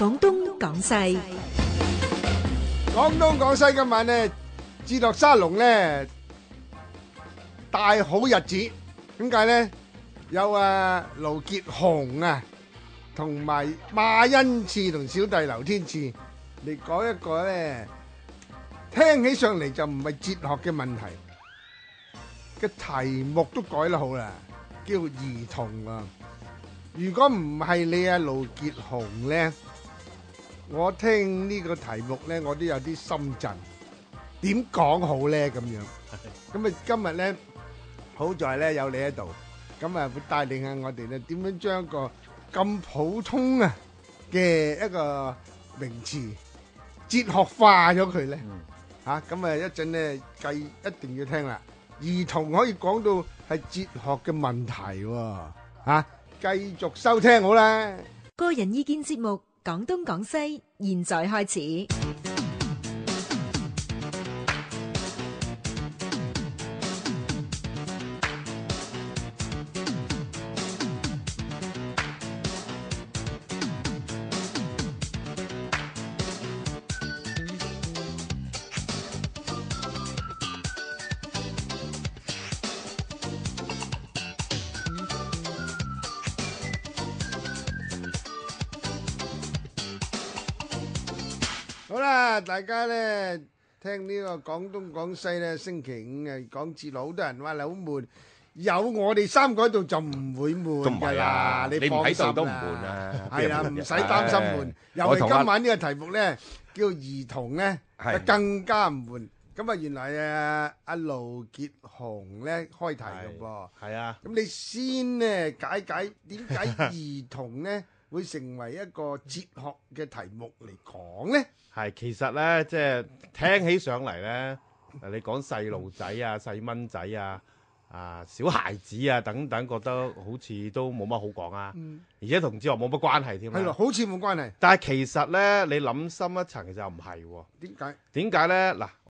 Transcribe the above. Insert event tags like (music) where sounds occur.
廣東廣西，廣東廣西今晚呢，智樂沙龍咧大好日子，點解咧？有啊盧傑雄啊，同埋馬恩賜同小弟劉天賜嚟講一個咧，聽起上嚟就唔係哲學嘅問題，嘅題目都改得好啦，叫兒童啊！如果唔係你啊盧傑雄咧？我聽呢個題目咧，我都有啲心震。點講好咧咁樣？咁啊，今日咧好在咧有你喺度，咁啊會帶領下我哋咧，點樣將個咁普通啊嘅一個名詞哲學化咗佢咧？吓，咁啊，一陣咧繼一定要聽啦。兒童可以講到係哲學嘅問題喎？吓，繼續收聽好啦。個人意見節目。講東講西，現在開始。好啦，大家咧聽呢個講東講西咧，星期五嘅講字佬好多人話你好悶，有我哋三個喺度就唔會悶㗎啦，你放心啦。係啦，唔使擔心悶。尤其今晚呢個題目咧叫兒童咧更加唔悶。咁啊，原來啊阿盧傑雄咧開題㗎噃。係啊。咁你先咧解解點解兒童咧？會成為一個哲學嘅題目嚟講呢？係，其實呢，即係聽起上嚟呢， (laughs) 你講細路仔啊、細蚊仔啊、啊小孩子啊,子啊,啊,孩子啊等等，覺得好似都冇乜好講啊，嗯、而且同哲學冇乜關係添、啊。係好似冇關係。但係其實呢，你諗深一層就、啊，其實又唔係喎。點解？點解呢？嗱。